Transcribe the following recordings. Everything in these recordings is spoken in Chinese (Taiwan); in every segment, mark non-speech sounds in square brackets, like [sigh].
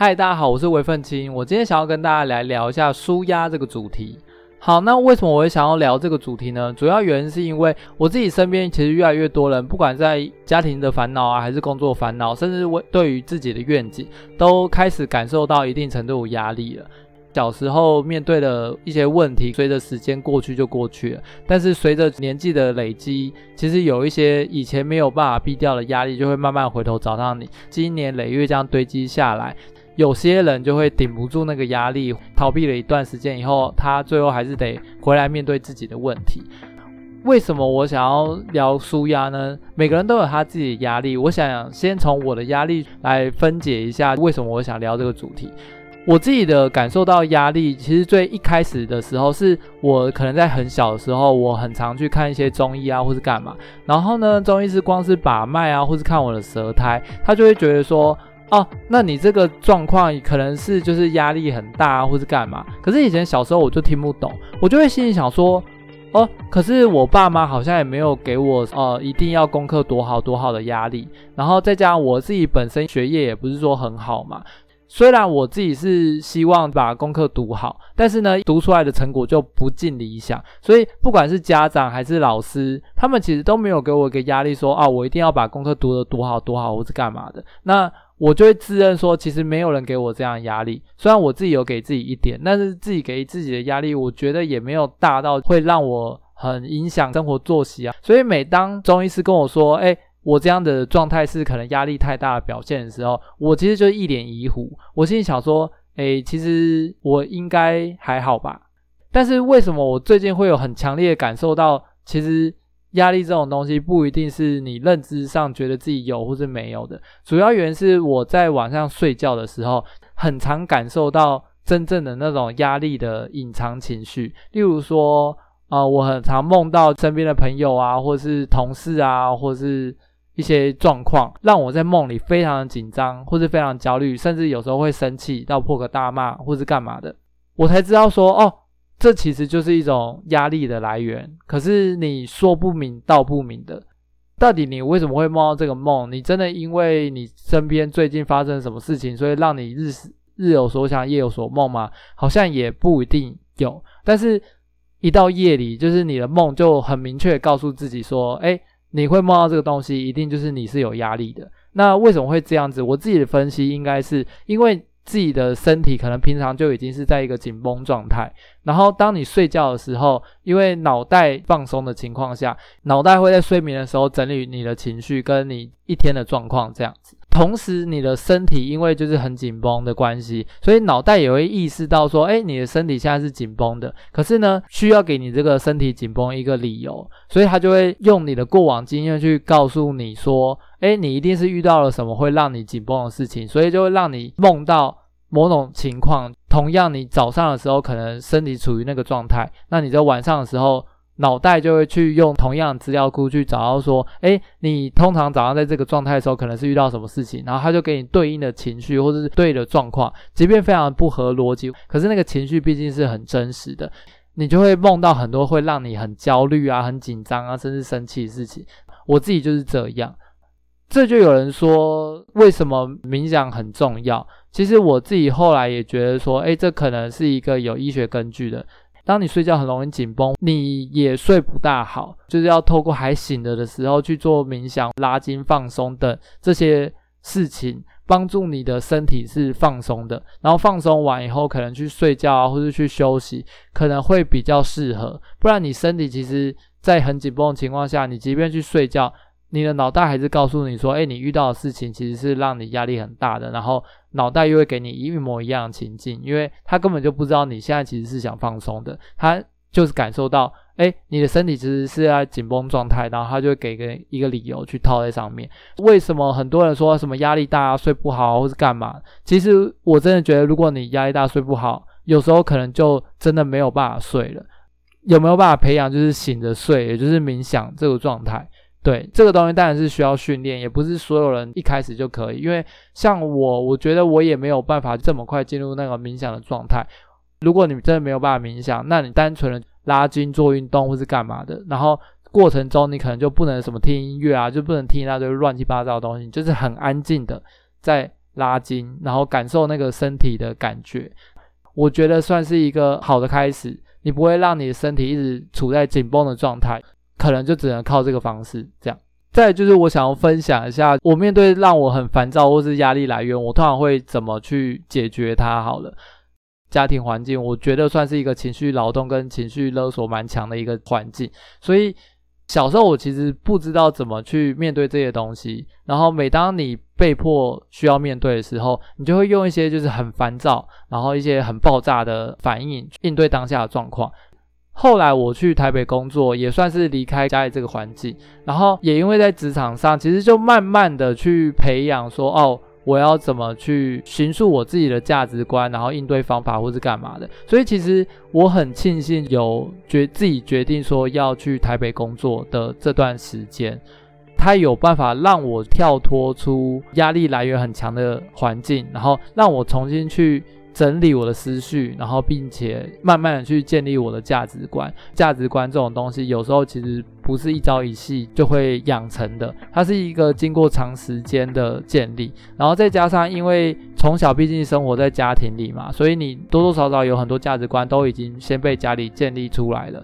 嗨，Hi, 大家好，我是微奮青。我今天想要跟大家來聊一下紓壓這個主題。好，那為什麼我會想要聊這個主題呢？主要原因是因為我自己身邊其實越來越多人，不管在家庭的煩惱啊，還是工作煩惱，甚至為對於自己的願景，都開始感受到一定程度有壓力了。小時候面對的一些問題，隨着時間過去就過去了，但是隨着年紀的累積，其實有一些以前沒有辦法避掉的壓力，就會慢慢回頭找到你。經年累月這樣堆積下來。有些人就會頂不住那個壓力，逃避了一段時間以後，他最後還是得回來面對自己的問題。為什麼我想要聊紓壓呢？每個人都有他自己的壓力，我想先從我的壓力來分解一下，為什麼我想聊這個主題。我自己的感受到壓力，其實最一開始的時候，是我可能在很小的時候，我很常去看一些中醫啊，或是幹嘛。然後呢，中醫師光是把脈啊，或是看我的舌苔，他就會覺得說。哦，那你這個狀況可能是就是壓力很大啊，或是幹嘛。可是以前小時候我就聽不懂，我就會心裡想說，哦，可是我爸媽好像也沒有給我呃一定要功課多好多好的壓力。然後再加上我自己本身學業也不是說很好嘛，雖然我自己是希望把功課讀好，但是呢，讀出來的成果就不盡理想。所以不管是家長還是老師，他們其實都沒有給我一個壓力說，說、哦、啊，我一定要把功課讀得多好多好，或是幹嘛的。那。我就會自認說，其實沒有人給我這樣壓力。雖然我自己有給自己一點，但是自己給自己的壓力，我覺得也沒有大到會讓我很影響生活作息啊。所以每當中醫師跟我說：“欸，我這樣的狀態是可能壓力太大的表現的時候”，我其實就一臉疑惑。我心裡想說：“欸，其實我應該還好吧？但是為什麼我最近會有很強烈的感受到，其實？”壓力這種東西不一定是你認知上覺得自己有或是沒有的，主要原因是我在晚上睡覺的時候，很常感受到真正的那種壓力的隱藏情緒。例如說，啊、呃，我很常夢到身邊的朋友啊，或是同事啊，或是一些狀況，讓我在夢裡非常的緊張，或是非常焦慮，甚至有時候會生氣到破口大罵，或是幹嘛的，我才知道說，哦。這其實就是一種壓力的來源，可是你說不明道不明的，到底你為什麼會夢到這個夢？你真的因為你身邊最近發生什麼事情，所以讓你日思日有所想，夜有所夢嗎？好像也不一定有。但是，一到夜裡，就是你的夢就很明確告訴自己說：“誒，你會夢到這個東西，一定就是你是有壓力的。”那為什麼會這樣子？我自己的分析，應該是因為。自己的身體可能平常就已經是在一個緊繃狀態，然後當你睡覺的時候，因為腦袋放鬆的情況下，腦袋會在睡眠的時候整理你的情緒跟你一天的狀況這樣子。同時，你的身體因為就是很緊繃的關係，所以腦袋也會意識到說，哎，你的身體現在是緊繃的，可是呢，需要給你這個身體緊繃一個理由，所以他就會用你的過往經驗去告訴你說，哎，你一定是遇到了什麼會讓你緊繃的事情，所以就會讓你夢到某種情況。同樣，你早上的時候可能身體處於那個狀態，那你在晚上的時候。腦袋就會去用同樣的資料庫去找到說，誒、欸，你通常早上在這個狀態的時候，可能是遇到什麼事情，然後他就給你對應的情緒或者是對的狀況，即便非常不合邏輯，可是那個情緒畢竟是很真實的，你就會夢到很多會讓你很焦慮啊、很緊張啊，甚至生氣的事情。我自己就是這樣，這就有人說為什麼冥想很重要？其實我自己後來也覺得說，誒、欸，這可能是一個有醫學根據的。當你睡覺很容易緊繃，你也睡不大好，就是要透過還醒着的的時候去做冥想、拉筋、放鬆等這些事情，幫助你的身體是放鬆的。然後放鬆完以後，可能去睡覺啊，或者去休息，可能會比較適合。不然你身體其實在很緊繃的情況下，你即便去睡覺。你的腦袋還是告訴你說：“誒，你遇到的事情其實是讓你壓力很大的。”然後腦袋又會給你一模一樣的情境，因為他根本就不知道你現在其實是想放鬆的。他就是感受到，誒，你的身體其實是在緊繃狀態，然後他就給一個一個理由去套在上面。為什麼很多人說什麼壓力大啊、睡不好啊、或是幹嘛？其實我真的覺得，如果你壓力大、睡不好，有時候可能就真的沒有辦法睡了。有沒有辦法培養就是醒着睡，也就是冥想這個狀態？對，這個東西當然是需要訓練，也不是所有人一開始就可以。因為像我，我覺得我也沒有辦法這麼快進入那個冥想的狀態。如果你真的沒有辦法冥想，那你單純的拉筋做運動或是幹嘛的，然後過程中你可能就不能什麼聽音樂啊，就不能聽那堆亂七八糟的東西，就是很安靜的在拉筋，然後感受那個身體的感覺。我覺得算是一個好的開始，你不會讓你的身體一直處在緊繃的狀態。可能就只能靠這個方式，這樣。再來就是我想要分享一下，我面對讓我很煩躁或是壓力來源，我通常會怎麼去解決它。好了，家庭環境我覺得算是一個情緒勞動跟情緒勒索蠻強的一個環境，所以小時候我其實不知道怎麼去面對這些東西。然後每當你被迫需要面對的時候，你就會用一些就是很煩躁，然後一些很爆炸的反應應對當下的狀況。後來我去台北工作，也算是離開家裡這個環境，然後也因為在職場上，其實就慢慢的去培養說，哦，我要怎麼去陳述我自己的價值觀，然後應對方法或是幹嘛的。所以其實我很慶幸有決自己決定說要去台北工作的這段時間，他有辦法讓我跳脫出壓力來源很強的環境，然後讓我重新去整理我的思緒，然後並且慢慢的去建立我的價值觀。價值觀這種東西，有時候其實不是一朝一夕就會養成的，它是一個經過長時間的建立，然後再加上因為。從小畢竟生活在家庭裡嘛，所以你多多少少有很多價值觀都已經先被家裡建立出來了。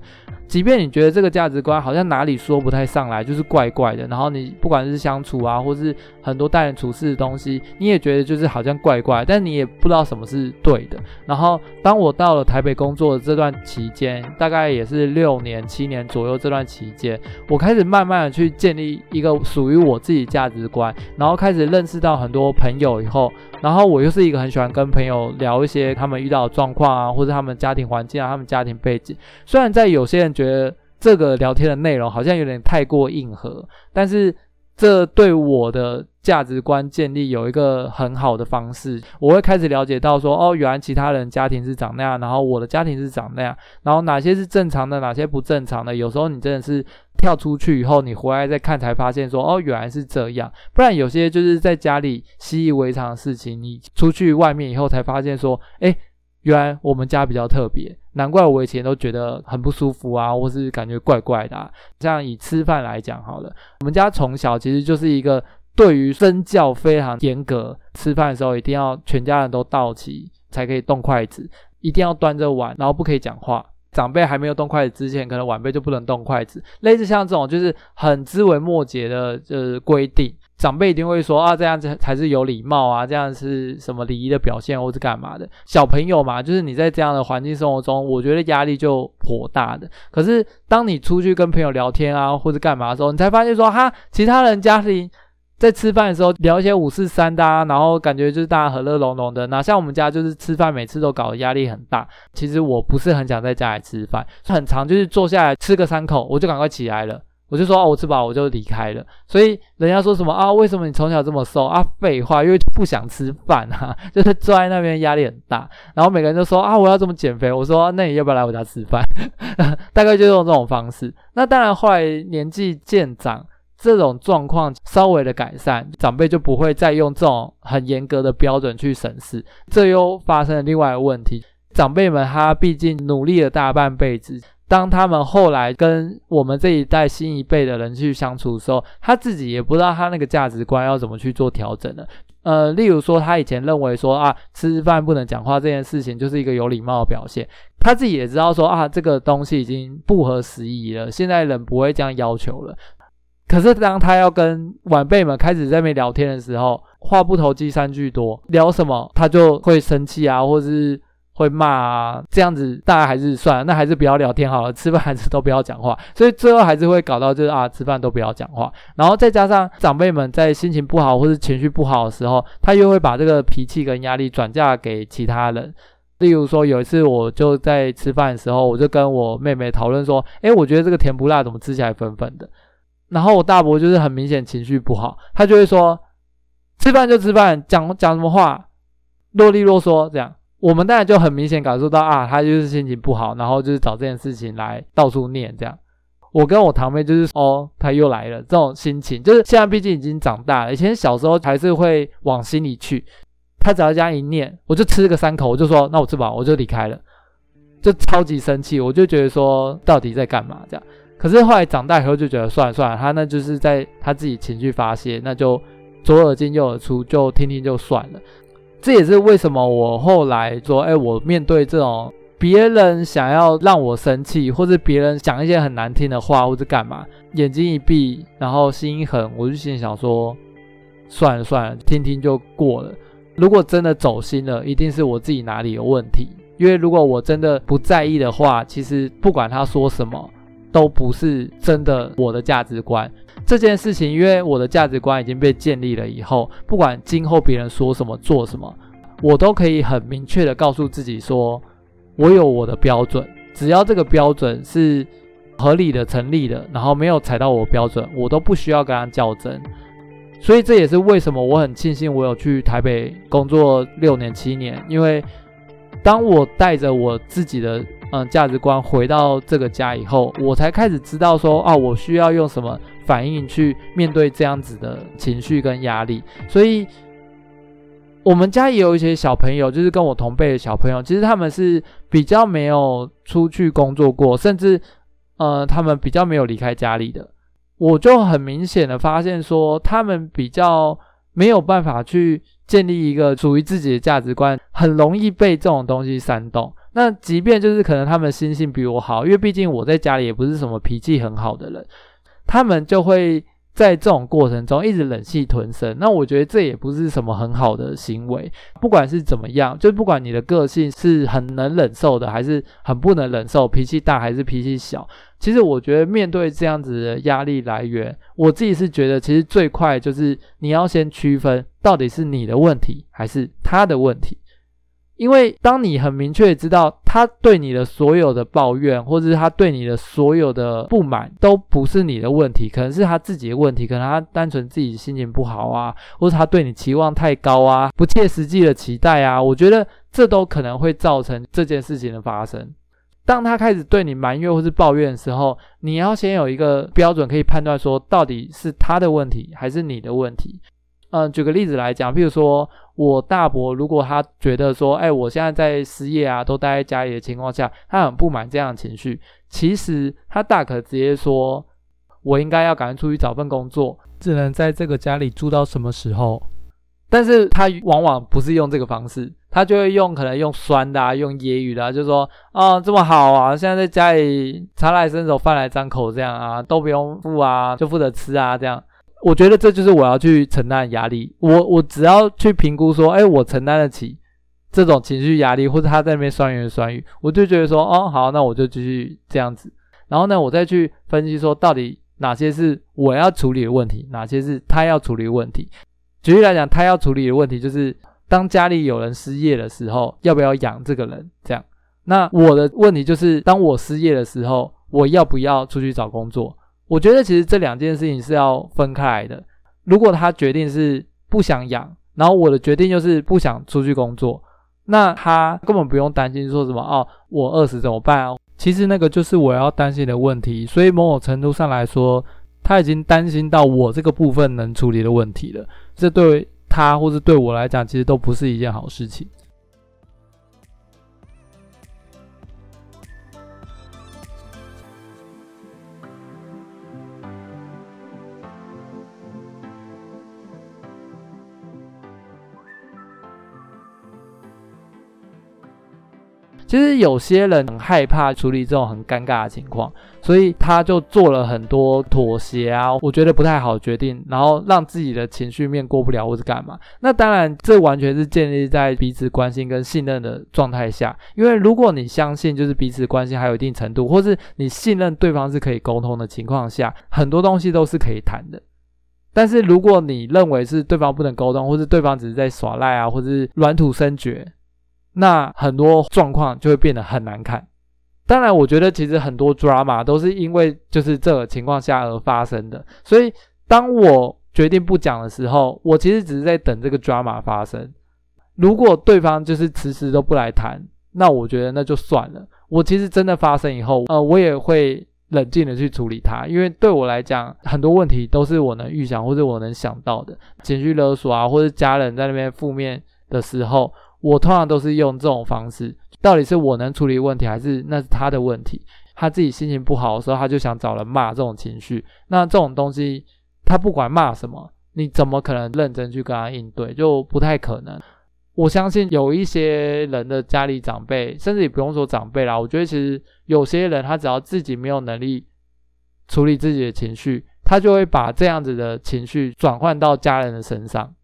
即便你覺得這個價值觀好像哪裡說不太上來，就是怪怪的。然後你不管是相處啊，或是很多待人處事的東西，你也覺得就是好像怪怪。但你也不知道什麼是對的。然後當我到了台北工作的這段期間，大概也是六年七年左右這段期間，我開始慢慢的去建立一個屬於我自己價值觀，然後開始認識到很多朋友以後，然後。我又是一個很喜歡跟朋友聊一些他們遇到的狀況啊，或者他們家庭環境啊、他們家庭背景。雖然在有些人覺得這個聊天的內容好像有點太過硬核，但是這對我的價值觀建立有一個很好的方式。我會開始了解到說，哦，原來其他人家庭是長那樣，然後我的家庭是長那樣，然後哪些是正常的，哪些不正常的。有時候你真的是。跳出去以後，你回來再看才發現說，哦，原來是這樣。不然有些就是在家裡習以為常的事情，你出去外面以後才發現說，誒，原來我們家比較特別，難怪我以前都覺得很不舒服啊，或是感覺怪怪的啊。這樣以吃飯來講好了，我們家從小其實就是一個對於身教非常嚴格，吃飯的時候一定要全家人都到齊才可以動筷子，一定要端着碗，然後不可以講話。長輩還沒有動筷子之前，可能晚輩就不能動筷子，類似像這種就是很枝微末節的呃規定，長輩一定會說啊，這樣子才是有禮貌啊，這樣是什麼禮儀的表現或是幹嘛的，小朋友嘛，就是你在這樣的環境生活中，我覺得壓力就頗大的。可是當你出去跟朋友聊天啊或者幹嘛的時候，你才發現說哈，其他人家庭，在吃飯的時候聊一些五四三的，啊，然後感覺就是大家和樂融融的。哪、啊、像我們家就是吃飯每次都搞得壓力很大。其實我不是很想在家裡吃飯，很常就是坐下來吃個三口，我就趕快起來了，我就說哦，我吃飽我就離開了。所以人家說什麼啊，為什麼你從小這麼瘦啊？廢話，因為不想吃飯啊，就是坐在那邊壓力很大。然後每個人都說啊，我要怎麼減肥？我說那你要不要來我家吃飯？ [laughs] 大概就用這種方式。那當然後來年紀漸長。這種狀況稍微的改善，長輩就不會再用這種很嚴格的標準去審視。這又發生了另外一個問題，長輩們他畢竟努力了大半輩子，當他們後來跟我們這一代新一輩的人去相處的時候，他自己也不知道他那個價值觀要怎麼去做調整了。呃，例如說他以前認為說啊，吃飯不能講話這件事情就是一個有禮貌的表現，他自己也知道說啊，這個東西已經不合時宜了，現在人不會這樣要求了。可是當他要跟晚輩們開始在那邊聊天的時候，話不投機三句多，聊什麼他就會生氣啊，或者是會罵啊，這樣子大家還是算了，那還是不要聊天好了，吃飯還是都不要講話，所以最後還是會搞到就是啊，吃飯都不要講話，然後再加上長輩們在心情不好或者情緒不好的時候，他又會把這個脾氣跟壓力轉嫁給其他人，例如說有一次我就在吃飯的時候，我就跟我妹妹討論說，誒，我覺得這個甜不辣怎麼吃起來粉粉的。然後我大伯就是很明顯情緒不好，他就會說吃飯就吃飯，講講什麼話，囉里囉嗦這樣。我們當然就很明顯感受到啊，他就是心情不好，然後就是找這件事情來到處念這樣。我跟我堂妹就是說哦，他又來了這種心情，就是現在畢竟已經長大了，以前小時候還是會往心裡去。他只要這樣一念，我就吃個三口，我就說那我吃飽，我就離開了，就超級生氣，我就覺得說到底在幹嘛這樣。可是後來長大以後就覺得算了算了，他那就是在他自己情緒發洩，那就左耳進右耳出，就聽聽就算了。這也是為什麼我後來說，哎、欸，我面對這種別人想要讓我生氣，或是別人講一些很難聽的話，或者幹嘛，眼睛一閉，然後心一狠，我就心裡想說，算了算了，聽聽就過了。如果真的走心了，一定是我自己哪裡有問題。因為如果我真的不在意的話，其實不管他說什麼。都不是真的我的價值觀這件事情，因為我的價值觀已經被建立了以後，不管今後別人說什麼做什麼，我都可以很明確的告訴自己說，我有我的標準，只要這個標準是合理的、成立的，然後沒有踩到我的標準，我都不需要跟他較真。所以這也是為什麼我很慶幸我有去台北工作六年七年，因為當我帶着我自己的。嗯，價值觀回到這個家以後，我才開始知道說啊，我需要用什麼反應去面對這樣子的情緒跟壓力。所以，我們家也有一些小朋友，就是跟我同輩的小朋友，其實他們是比較沒有出去工作過，甚至呃，他們比較沒有離開家裡的。我就很明顯的發現說，他們比較沒有辦法去建立一個屬於自己的價值觀，很容易被這種東西煽動。那即便就是可能他們心性比我好，因為畢竟我在家裡也不是什麼脾氣很好的人，他們就會在這種過程中一直忍氣吞聲。那我覺得這也不是什麼很好的行為。不管是怎麼樣，就不管你的個性是很能忍受的，還是很不能忍受，脾氣大還是脾氣小，其實我覺得面對這樣子的壓力來源，我自己是覺得其實最快就是你要先區分到底是你的問題還是他的問題。因為當你很明確知道他對你的所有的抱怨，或者是他對你的所有的不滿都不是你的問題，可能是他自己的問題，可能他單純自己心情不好啊，或者他對你期望太高啊，不切實際的期待啊，我覺得這都可能會造成這件事情的發生。當他開始對你埋怨或是抱怨的時候，你要先有一個標準可以判斷說到底是他的問題還是你的問題。嗯，舉個例子來講，譬如說。我大伯如果他覺得說，哎、欸，我現在在失業啊，都待在家裡的情況下，他很不滿這樣的情緒。其實他大可直接說，我應該要趕快出去找份工作，只能在這個家裡住到什麼時候？但是他往往不是用這個方式，他就會用可能用酸的，啊，用揶揄的、啊，就說，啊、嗯，這麼好啊，現在在家裡，茶來伸手，飯來張口這樣啊，都不用付啊，就負責吃啊這樣。我覺得這就是我要去承擔的壓力我、我我只要去評估說，哎，我承擔得起這種情緒壓力，或者他在那邊酸言酸語，我就覺得說，哦，好，那我就繼續這樣子。然後呢，我再去分析說，到底哪些是我要處理的問題，哪些是他要處理的問題。舉例來講，他要處理的問題就是，當家裡有人失業的時候，要不要養這個人？這樣。那我的問題就是，當我失業的時候，我要不要出去找工作？我覺得其實這兩件事情是要分開來的。如果他決定是不想養，然後我的決定就是不想出去工作，那他根本不用擔心說什麼，哦，我餓死怎麼辦啊哦。其實那個就是我要擔心的問題。所以某種程度上來說，他已經擔心到我這個部分能處理的問題了。這對他或是對我來講，其實都不是一件好事情。其實有些人很害怕處理這種很尷尬的情況，所以他就做了很多妥協啊，我覺得不太好決定，然後讓自己的情緒面過不了或是幹嘛。那當然，這完全是建立在彼此關心跟信任的狀態下，因為如果你相信就是彼此關心還有一定程度，或是你信任對方是可以溝通的情況下，很多東西都是可以談的。但是如果你認為是對方不能溝通，或是對方只是在耍賴啊，或是軟土深掘。那很多狀況就會變得很難看。當然，我覺得其實很多 drama 都是因為就是這個情況下而發生的。所以，當我決定不講的時候，我其實只是在等這個 drama 發生。如果對方就是遲遲都不來談，那我覺得那就算了。我其實真的發生以後，呃，我也會冷靜地去處理它，因為對我來講，很多問題都是我能預想或者我能想到的。情緒勒索啊，或者家人在那邊負面的時候。我通常都是用這種方式，到底是我能處理問題，還是那是他的問題？他自己心情不好的時候，他就想找人罵這種情緒。那這種東西，他不管罵什麼，你怎麼可能認真去跟他應對？就不太可能。我相信有一些人的家裡長輩，甚至也不用說長輩啦，我覺得其實有些人，他只要自己沒有能力處理自己的情緒，他就會把這樣子的情緒轉換到家人的身上。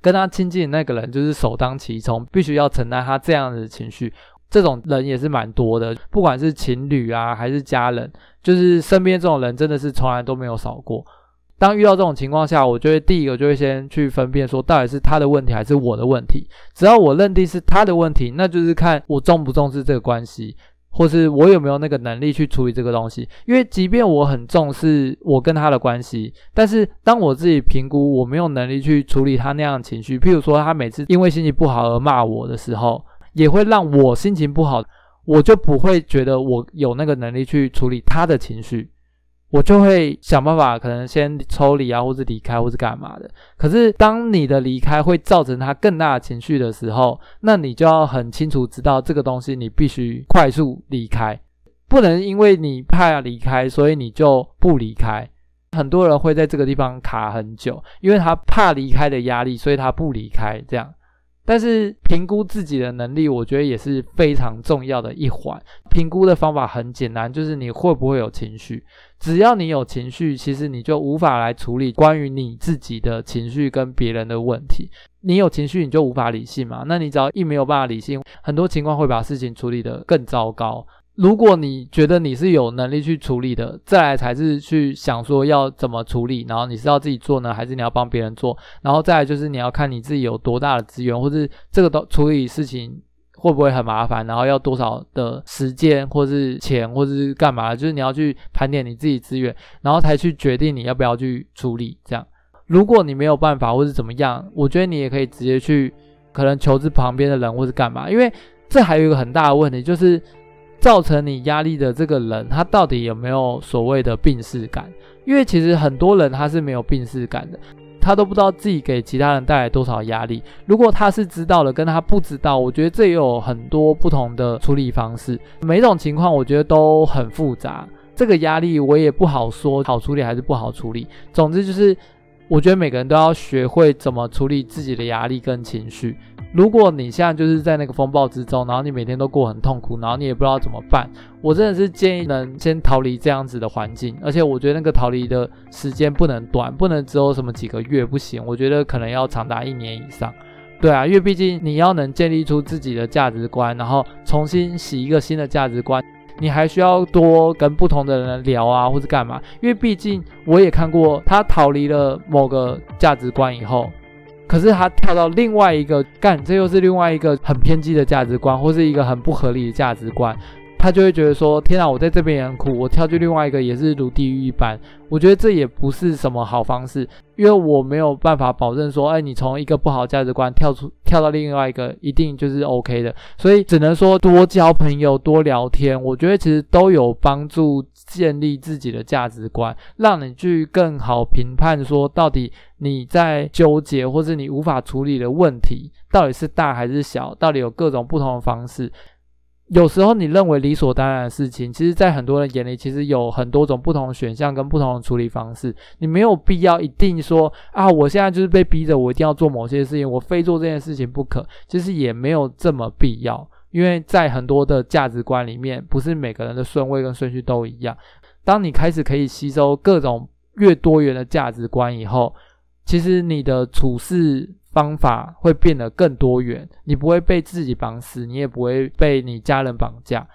跟他親近的那個人就是首當其衝，必須要承擔他這樣子的情緒。這種人也是蠻多的，不管是情侶啊，還是家人，就是身邊這種人真的是從來都沒有少過。當遇到這種情況下，我就會第一個就會先去分辨說，到底是他的問題還是我的問題。只要我認定是他的問題，那就是看我重不重視這個關係。或是我有沒有那個能力去處理這個東西？因為即便我很重視我跟他的關係，但是當我自己評估我沒有能力去處理他那樣的情緒，譬如說他每次因為心情不好而罵我的時候，也會讓我心情不好，我就不會覺得我有那個能力去處理他的情緒。我就會想辦法，可能先抽離啊，或是離開，或是幹嘛的。可是，當你的離開會造成他更大的情緒的時候，那你就要很清楚知道，這個東西你必須快速離開，不能因為你怕離開，所以你就不離開。很多人會在這個地方卡很久，因為他怕離開的壓力，所以他不離開，這樣。但是評估自己的能力，我覺得也是非常重要的一環。評估的方法很簡單，就是你會不會有情緒。只要你有情緒，其實你就無法來處理關於你自己的情緒跟別人的問題。你有情緒，你就無法理性嘛。那你只要一沒有辦法理性，很多情況會把事情處理得更糟糕。如果你覺得你是有能力去處理的，再來才是去想說要怎麼處理。然後你是要自己做呢，還是你要幫別人做？然後再來就是你要看你自己有多大的資源，或是這個都處理事情會不會很麻煩，然後要多少的時間，或是錢，或是幹嘛？就是你要去盤點你自己資源，然後才去決定你要不要去處理。這樣，如果你沒有辦法，或是怎麼樣，我覺得你也可以直接去可能求助旁邊的人，或是幹嘛，因為這還有一個很大的問題就是。造成你壓力的這個人，他到底有沒有所謂的病識感？因為其實很多人他是沒有病識感的，他都不知道自己給其他人帶來多少壓力。如果他是知道了，跟他不知道，我覺得這也有很多不同的處理方式。每一種情況，我覺得都很複雜。這個壓力我也不好說，好處理還是不好處理。總之就是。我覺得每個人都要學會怎麼處理自己的壓力跟情緒。如果你現在就是在那個風暴之中，然後你每天都過很痛苦，然後你也不知道怎麼辦，我真的是建議能先逃離這樣子的環境。而且我覺得那個逃離的時間不能短，不能只有什麼幾個月不行，我覺得可能要長達一年以上。對啊，因為畢竟你要能建立出自己的價值觀，然後重新洗一個新的價值觀。你還需要多跟不同的人聊啊，或是幹嘛？因為畢竟我也看過他逃離了某個價值觀以後，可是他跳到另外一個幹，這又是另外一個很偏激的價值觀，或是一個很不合理的價值觀。他就會覺得說：“天啊，我在這邊也很苦，我跳去另外一個也是如地獄一般。”我覺得這也不是什麼好方式，因為我沒有辦法保證說：“哎、欸，你從一個不好價值觀跳出，跳到另外一個一定就是 OK 的。”所以只能說多交朋友，多聊天。我覺得其實都有幫助，建立自己的價值觀，讓你去更好評判說到底你在糾結或是你無法處理的問題到底是大還是小，到底有各種不同的方式。有時候你認為理所當然的事情，其實，在很多人眼裡，其實有很多種不同的選項跟不同的處理方式。你沒有必要一定說啊，我現在就是被逼着，我一定要做某些事情，我非做這件事情不可。其實也沒有這麼必要，因為在很多的價值觀裡面，不是每個人的順位跟順序都一樣。當你開始可以吸收各種越多元的價值觀以後，其實你的處事。方法會變得更多元，你不會被自己綁死，你也不會被你家人綁架。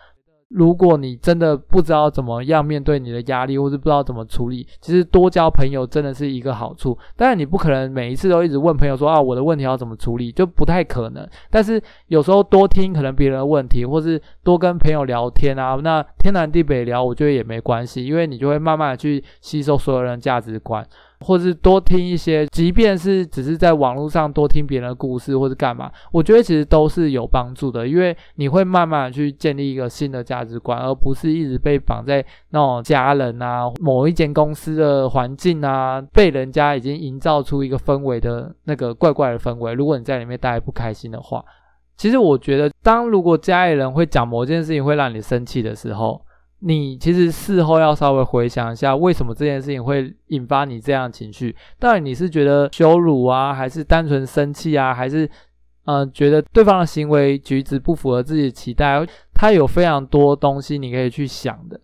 如果你真的不知道怎麼樣面對你的壓力，或是不知道怎麼處理，其實多交朋友真的是一個好處。但是你不可能每一次都一直問朋友說啊，我的問題要怎麼處理，就不太可能。但是有時候多聽可能別人的問題，或是多跟朋友聊天啊，那天南地北聊，我覺得也沒關係，因為你就會慢慢的去吸收所有人的價值觀。或是多聽一些，即便是只是在網絡上多聽別人的故事或是幹嘛，我覺得其實都是有幫助的，因為你會慢慢的去建立一個新的價值觀，而不是一直被綁在那種家人啊、某一間公司的環境啊，被人家已經營造出一個氛圍的那個怪怪的氛圍。如果你在裡面待不開心的話，其實我覺得，當如果家裡人會講某件事情會讓你生氣的時候，你其實事後要稍微回想一下，為什麼這件事情會引發你這樣的情緒？到底你是覺得羞辱啊，還是單純生氣啊，還是嗯、呃、覺得對方的行為舉止不符合自己的期待？他有非常多東西你可以去想的。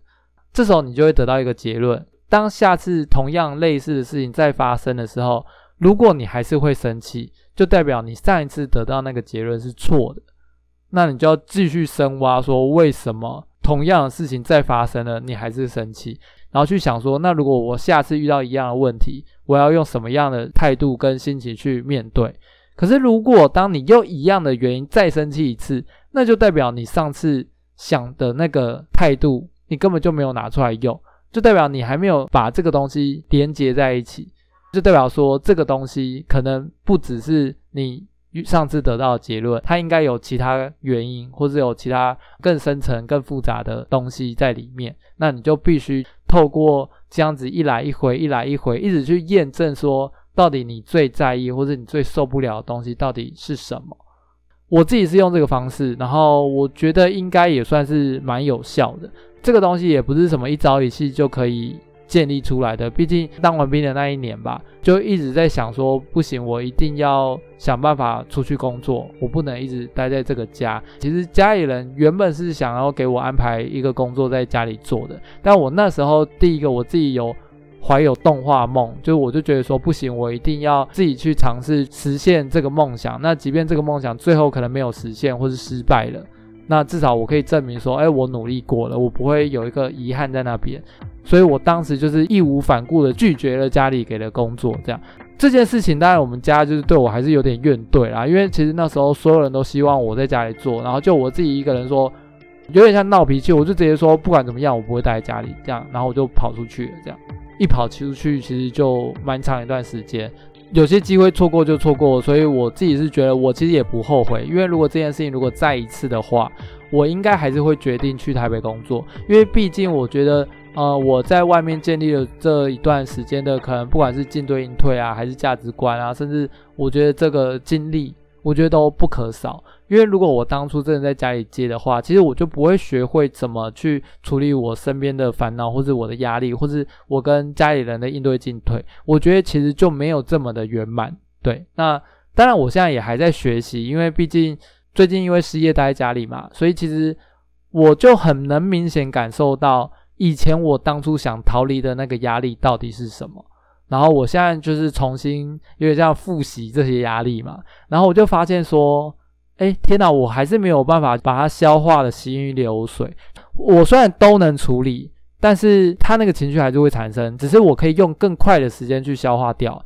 這時候你就會得到一個結論：當下次同樣類似的事情再發生的時候，如果你還是會生氣，就代表你上一次得到那個結論是錯的。那你就要繼續深挖，說為什麼？同樣的事情再發生了，你還是生氣，然後去想說，那如果我下次遇到一樣的問題，我要用什麼樣的態度跟心情去面對？可是如果當你又一樣的原因再生氣一次，那就代表你上次想的那個態度，你根本就沒有拿出來用，就代表你還沒有把這個東西連接在一起，就代表說這個東西可能不只是你上次得到的結論，它應該有其他原因，或是有其他更深層、更複雜的東西在裡面。那你就必須透過這樣子一來一回、一來一回，一直去驗證，說到底你最在意或是你最受不了的東西到底是什麼？我自己是用這個方式，然後我覺得應該也算是蠻有效的。這個東西也不是什麼一朝一夕就可以建立出來的，畢竟當完兵的那一年吧，就一直在想說，不行，我一定要想辦法出去工作，我不能一直待在這個家。其實家裡人原本是想要給我安排一個工作在家裡做的，但我那時候第一個我自己有懷有動畫夢，就我就覺得說，不行，我一定要自己去嘗試實現這個夢想。那即便這個夢想最後可能沒有實現，或是失敗了。那至少我可以證明說，誒、欸，我努力過了，我不會有一個遺憾在那邊。所以我當時就是義無反顧的拒絕了家裡給的工作，這樣這件事情，當然我們家就是對我還是有點怨懟啦，因為其實那時候所有人都希望我在家裡做，然後就我自己一個人說，有點像鬧脾氣，我就直接說不管怎麼樣，我不會待在家裡，這樣，然後我就跑出去了，這樣一跑出出去，其實就蠻長一段時間。有些機會錯過就錯過，所以我自己是覺得我其實也不後悔，因為如果這件事情如果再一次的話，我應該還是會決定去台北工作，因為畢竟我覺得，呃，我在外面建立了這一段時間的，可能不管是進對應退啊，還是價值觀啊，甚至我覺得這個經歷，我覺得都不可少。因為如果我當初真的在家裡接的話，其實我就不會學會怎麼去處理我身邊的煩惱，或者我的壓力，或是我跟家裡人的應對進退。我覺得其實就沒有這麼的圓滿。對，那當然我現在也還在學習，因為畢竟最近因為失業待在家裡嘛，所以其實我就很能明顯感受到以前我當初想逃離的那個壓力到底是什麼。然後我現在就是重新因為這樣複習這些壓力嘛，然後我就發現說。誒，天哪！我還是沒有辦法把它消化的行雲流水。我雖然都能處理，但是他那個情緒還是會產生，只是我可以用更快的時間去消化掉。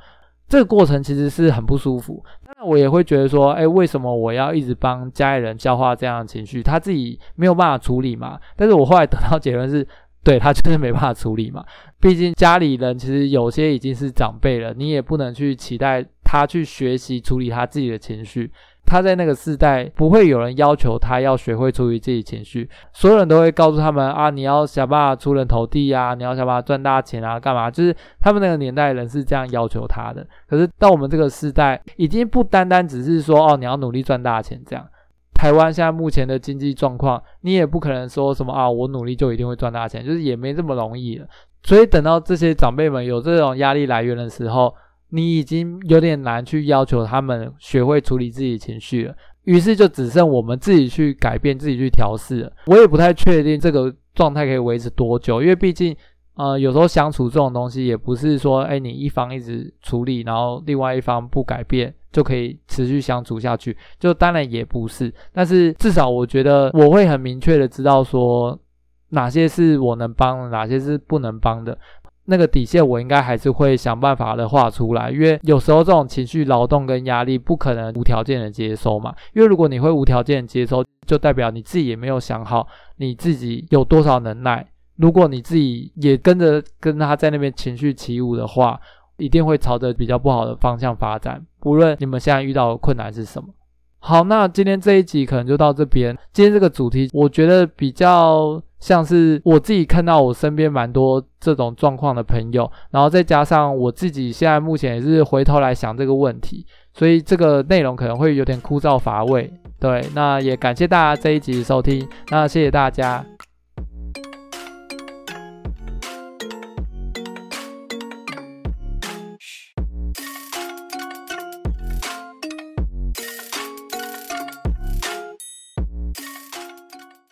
這個過程其實是很不舒服。那我也會覺得說，誒，為什麼我要一直幫家裡人消化這樣的情緒？他自己沒有辦法處理嘛？但是我後來得到結論是，對他就是沒辦法處理嘛。畢竟家裡人其實有些已經是長輩了，你也不能去期待他去學習處理他自己的情緒。他在那個時代，不會有人要求他要學會處理自己情緒，所有人都會告訴他們啊，你要想辦法出人頭地啊，你要想辦法賺大錢啊，幹嘛？就是他們那個年代的人是這樣要求他的。可是到我們這個時代，已經不單單只是說哦，你要努力賺大錢這樣。台灣現在目前的經濟狀況，你也不可能說什麼啊，我努力就一定會賺大錢，就是也沒這麼容易了。所以等到這些長輩們有這種壓力來源的時候。你已經有點難去要求他們學會處理自己的情緒了，於是就只剩我們自己去改變，自己去調試了。我也不太確定這個狀態可以維持多久，因為畢竟，呃，有時候相處這種東西也不是說，誒、哎，你一方一直處理，然後另外一方不改變，就可以持續相處下去，就當然也不是。但是至少我覺得我會很明確的知道說，哪些是我能幫，哪些是不能幫的。那個底線，我應該還是會想辦法的畫出來，因為有時候這種情緒勞動跟壓力不可能無條件的接收嘛。因為如果你會無條件的接收，就代表你自己也沒有想好你自己有多少能耐。如果你自己也跟着跟他在那邊情緒起舞的話，一定會朝着比較不好的方向發展。不論你們現在遇到的困難是什麼。好，那今天這一集可能就到這邊。今天這個主題，我覺得比較像是我自己看到我身邊蠻多這種狀況的朋友，然後再加上我自己現在目前也是回頭來想這個問題，所以這個內容可能會有點枯燥乏味。對，那也感謝大家這一集的收聽，那謝謝大家。